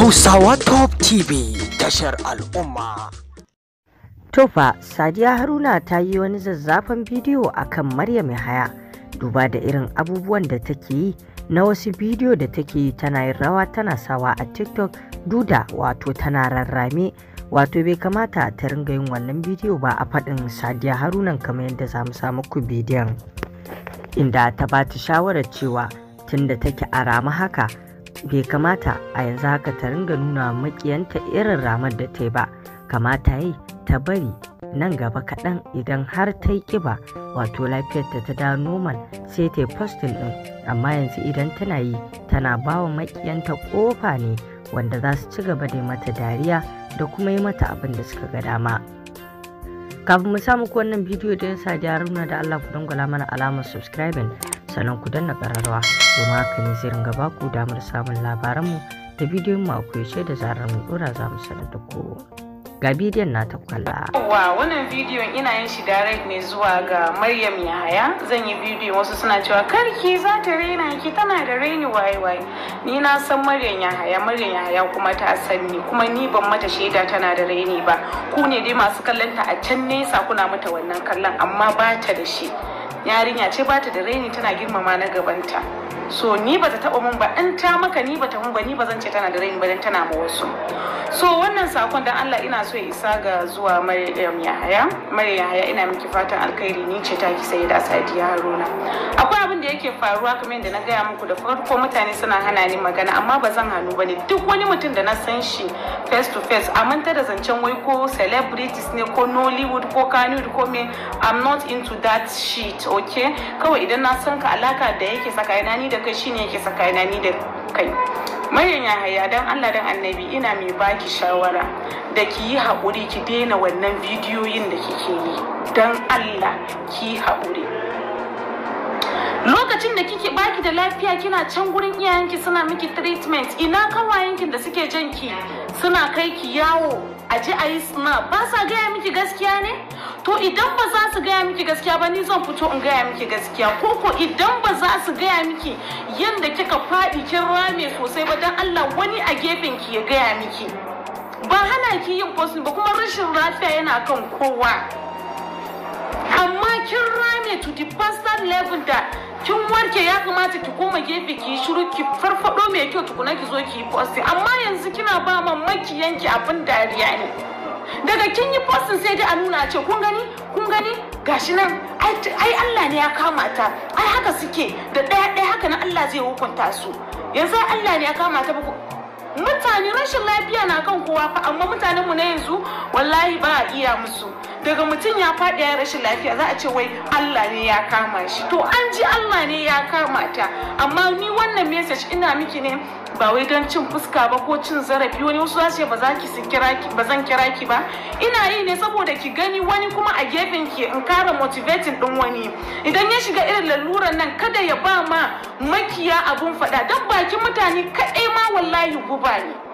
Hausawa Top TV tashar al'umma. Tofa, Sadiya Haruna ta yi wani zazzafan bidiyo akan Maryam Yahaya duba da irin abubuwan da take yi na wasu bidiyo da take yi tana yin rawa tana sawa a TikTok duda wato tana rarrame wato bai kamata ta ringa yin wannan bidiyo ba a faɗin Sadiya Haruna kamar yadda za mu samu ku bidiyon. Inda ta ba ta shawarar cewa tunda take a rama haka bai kamata a yanzu haka ta ringa nuna makiyanta irin ramar da ta yi ba kamata yi ta bari nan gaba kaɗan idan har ta yi ƙiba wato lafiyarta ta da normal sai ta yi postin ɗin amma yanzu idan tana yi tana ba wa makiyanta ƙofa ne wanda za su ci gaba da mata dariya da kuma yi mata abin da suka ga dama kafin mu samu wannan bidiyo da ya sa jaruna da allah ku dangwala mana alamar subscribing sannan ku danna ƙararrawa domin haka ne zai ringa ku damar samun labaranmu da bidiyon mu akwai da zarar mu dora za mu sanar da ku. ga bidiyon na ta kwalla. Wa wannan bidiyon ina yin shi direct ne zuwa ga Maryam Yahaya zan yi bidiyon wasu suna cewa karki za ta raina ki tana da raini waye waye ni na san Maryam Yahaya Maryam Yahaya kuma ta san ni kuma ni ban mata shaida tana da raini ba ku ne dai masu kallon a can nesa kuna mata wannan kallon amma ba ta da shi. yarinya ce ta da raini tana girmama na gabanta so ni ba ta taɓa mun ba in ta maka ni ba ta mun ba ni ba zan ce tana da rai ba dan tana ma wasu so wannan sakon dan Allah ina so ya isa ga zuwa Maryam Yahaya Maryam Yahaya ina miki fatan alkhairi ni ce ta ki sai da Sadiya Haruna akwai abin da yake faruwa kamar yadda na gaya muku da farko mutane suna hana ni magana amma ba zan hannu bane duk wani mutum da na san shi face to face a manta da zancen wai ko celebrities ne ko Nollywood ko Kannywood ko me I'm not into that shit okay kawai idan na san ka alaka da yake saka ni da kai shi ne yake tsakanina ni da kai maryam yahaya don allah dan annabi ina mai baki shawara da ki yi haƙuri ki daina wannan bidiyoyin da kike yi dan allah ki haƙuri lokacin da kike baki da lafiya kina can gurin iyayenki suna miki treatment ina kawayenki da suke jan ki suna kai ki yawo a ji a yi suna ba sa gaya miki gaskiya ne to idan ba za su gaya miki gaskiya ba ni zan fito in gaya miki gaskiya ko ko idan ba za su gaya miki yadda kika faɗi kin rame sosai ba dan Allah wani a gefen ki ya gaya miki ba hana ki yin posting ba kuma rashin lafiya yana kan kowa amma kin rame to the bastard level da kin warke ya kamata ki koma gefe ki shiru ki farfado mai kyau tukuna ki zo ki yi posting amma yanzu kina ba mamaki yanki abin dariya ne daga kin yi posting sai dai a nuna ce kun gani kun gani gashi nan ai Allah ne ya kama ta ai haka suke da ɗaya daya haka na Allah zai hukunta su yanzu Allah ne ya kama ta mutane rashin lafiya na kan kowa fa amma mutanen mu na yanzu wallahi ba a iya musu daga mutum ya faɗi ya rashin lafiya za a ce wai Allah ne ya kama shi to an ji Allah ne ya kama ta amma ni wannan message ina miki ne ba wai don cin fuska ba ko cin zarafi wani wasu za su ba za ki su kira ki ba zan kira ki ba ina yi ne saboda ki gani wani kuma a gefen ki in kara motivating din wani idan ya shiga irin laluran nan kada ya ba ma makiya abun faɗa don bakin mutane kaɗai ma wallahi guba ne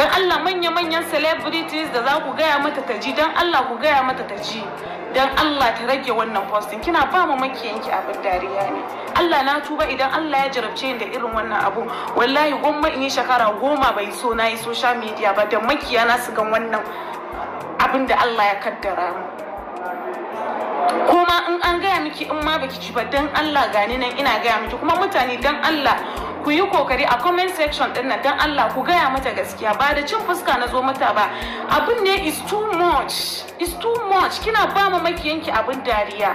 don Allah manya-manyan celebrities da za ku gaya mata ta ji don Allah ku gaya mata ta ji don Allah ta rage wannan posting kina ba mu makiyanki abin dariya ne Allah na tuba idan Allah ya jarabce da irin wannan abu wallahi gwamma in yi shekara goma bai so na yi social media ba don makiyana su gan wannan abin da Allah ya kaddara mu kuma in an gaya miki in ma baki ci ba don Allah gani nan ina gaya miki kuma mutane don Allah ku yi kokari a comment section din nan dan Allah ku gaya mata gaskiya ba da cin fuska na zo mata ba abin ne is too much is too much kina ba mu makiyanki abin dariya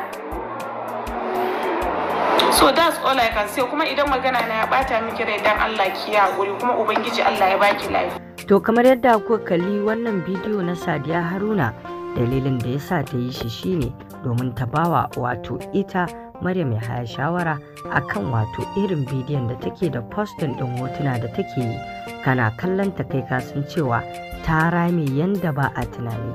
so that's all I can say kuma idan magana na ya bata miki rai dan Allah ki ya kuma ubangiji Allah ya baki lafiya to kamar yadda ku kalli wannan bidiyo na Sadiya Haruna dalilin da yasa ta yi shi shine domin ta bawa wato ita Maryam ya haya shawara kan wato irin bidiyon da take da postin ɗin hotuna da take yi kana kallon ta kai kasan cewa ta rame yanda ba a tunani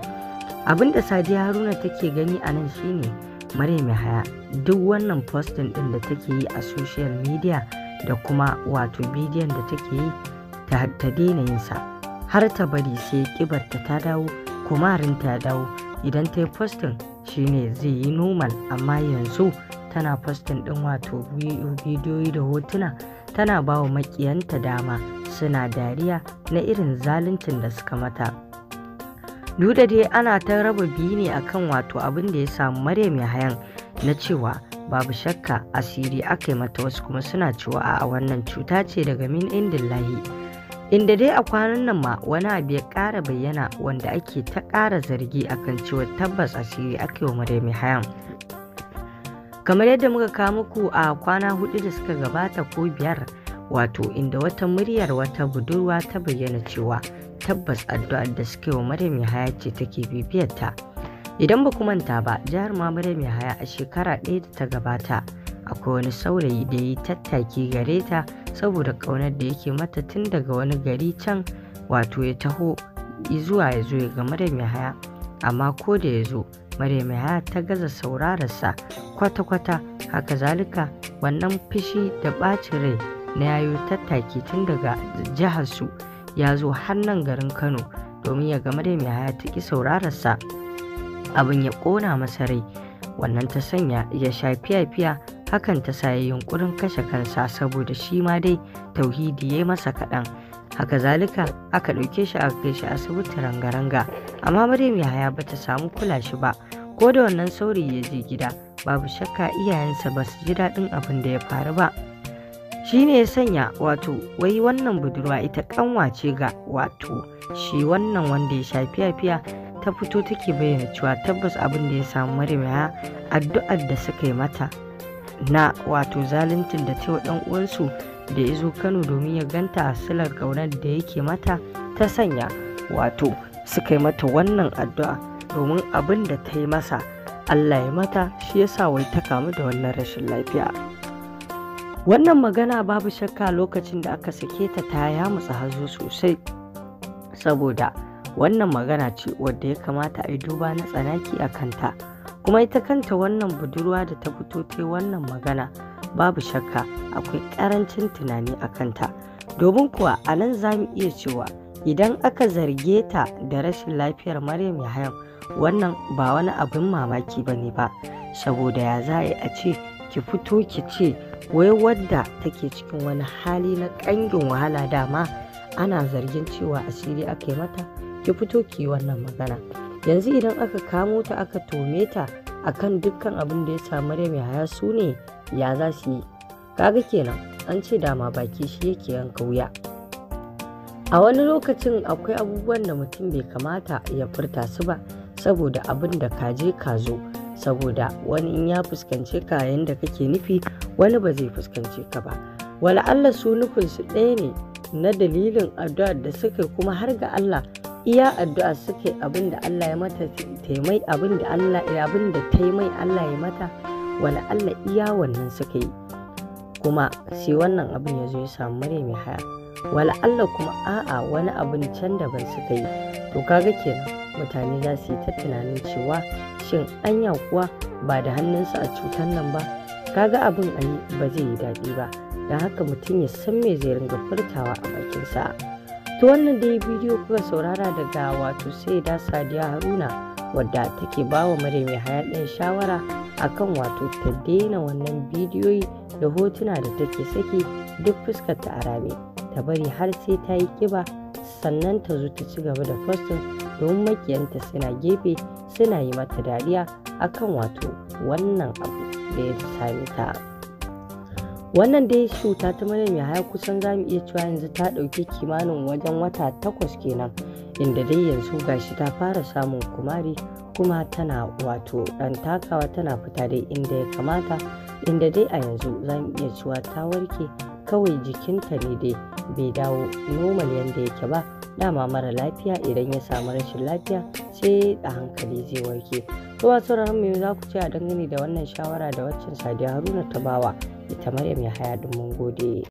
abinda sadiya haruna take gani a nan shine Maryam ya haya duk wannan postin ɗin da take yi a social media da kuma wato bidiyon da take yi ta daina yinsa har ta bari sai kibar ta ta dawo kuma rinta ya dawo idan ta yi postin shine zai yi normal amma yanzu tana fastin ɗin wato bidiyoyi da hotuna tana ba wa makiyanta dama suna dariya na irin zaluncin da suka mata Duda dai ana ta raba biyu ne akan wato abin da ya samu maryam hayan na cewa babu shakka asiri aka yi mata wasu kuma suna cewa a wannan cuta ce daga min lahi. inda dai a kwanan nan ma wani abu ya kara bayyana wanda ake ta kara zargi akan cewa tabbas asiri aka yi wa mai hayan. kamar yadda muka kawo muku a kwana hudu da suka gabata ko biyar wato inda wata muryar wata budurwa ta bayyana cewa tabbas addu'ar da suke wa maryam yahaya ce take bibiyar ta idan ba manta ba jihar ma maryam yahaya a shekara ɗaya da ta gabata akwai wani saurayi da yi tattaki gare ta saboda ƙaunar da yake mata tun daga wani gari can wato ya taho zuwa ya zo ya ga maryam yahaya amma ko da ya zo Maryam ta gaza saurararsa kwata-kwata haka zalika wannan fishi da ɓacin rai na yayo tattaki tun daga jihar su ya zo har nan garin Kano domin ya ga Maryam ya ta ki saurararsa abin ya ƙona masa rai wannan ta sanya ya sha fiya-fiya hakan ta sa ya yunkurin kashe kansa saboda shi ma dai tauhidi ya yi masa kaɗan haka zalika aka ɗauke shi aka kai shi asibiti ranga-ranga amma Maryam ba ta samu kula shi ba ko da wannan sauri ya je gida babu shakka iyayensa ba su ji daɗin abin da ya faru ba shi ne ya sanya wato wai wannan budurwa ita kanwace ga wato shi wannan wanda ya sha fiya ta fito take bayyana cewa tabbas abin da ya samu Maryam ya addu'ar da suka yi mata na wato zaluncin da ta dan uwansu da ya zo Kano domin ya ganta a silar ƙaunar da yake mata ta sanya wato suka yi mata wannan addu'a domin abin da ta yi masa Allah ya mata shi ya sa wai ta kamu da wannan rashin lafiya wannan magana babu shakka lokacin da aka sake ta ta ya musu hazo sosai saboda wannan magana ce wadda ya kamata a yi duba na tsanaki a kanta kuma ita kanta wannan budurwa da ta fito ta wannan magana babu shakka akwai karancin tunani a kanta domin kuwa a nan za mu iya cewa idan aka zarge ta da rashin lafiyar maryam yahaya wannan ba wani abin mamaki ba ne ba saboda ya za a ce ki fito ki ce wai wadda take cikin wani hali na ƙangin wahala dama ana zargin cewa asiri aka yi mata ki fito ki yi wannan magana yanzu idan aka kamo ta aka tome ta akan dukkan abin da ya sa rai mai haya su ne ya za su yi kaga kenan an ce dama baki shi yake yanka wuya a wani lokacin akwai abubuwan da mutum bai kamata ya furta su ba saboda abin da ka je ka zo saboda wani in ya fuskance ka yayin da kake nufi wani ba zai fuskance ka ba wala Allah su nufin su ɗaya ne na dalilin addu'ar da suka kuma har ga Allah iya addu'a suke abin da Allah ya mata taimai abin da Allah ya abin da taimai Allah ya mata wala Allah iya wannan suka yi kuma sai wannan abin ya zo ya samu mare mai haya wala Allah kuma a'a wani abin can da ban suka yi to kaga kenan mutane za su yi ta tunanin cewa shin anya kuwa ba da hannunsa a cutar nan ba kaga abin a yi ba zai yi daɗi ba don haka mutum ya san me zai ringa furtawa a bakinsa to wannan dai bidiyo kuka saurara daga wato sai da sadiya haruna wadda take ba wa mare mai haya ɗin shawara akan wato ta daina wannan bidiyoyi da hotuna da take saki duk fuskar ta a rame ta bari har sai ta yi kiba sannan ta zo ta ci gaba da fasin don makiyanta suna gefe suna yi mata dariya akan wato wannan abu da ya sami ta wannan dai cuta ta malami ya haya kusan za mu iya cewa yanzu ta ɗauki kimanin wajen wata takwas kenan inda dai yanzu gashi ta fara samun kumari kuma tana wato ɗan takawa tana fita dai inda ya kamata inda dai a yanzu za mu iya cewa ta warke kawai jikinta ne dai bai dawo normal yadda yake ba dama mara lafiya idan ya samu rashin lafiya sai da hankali zai warke to ba sauraron mu za ku ce a dangane da wannan shawara da waccan sadiya haruna ta bawa ita maryam ya haya mun gode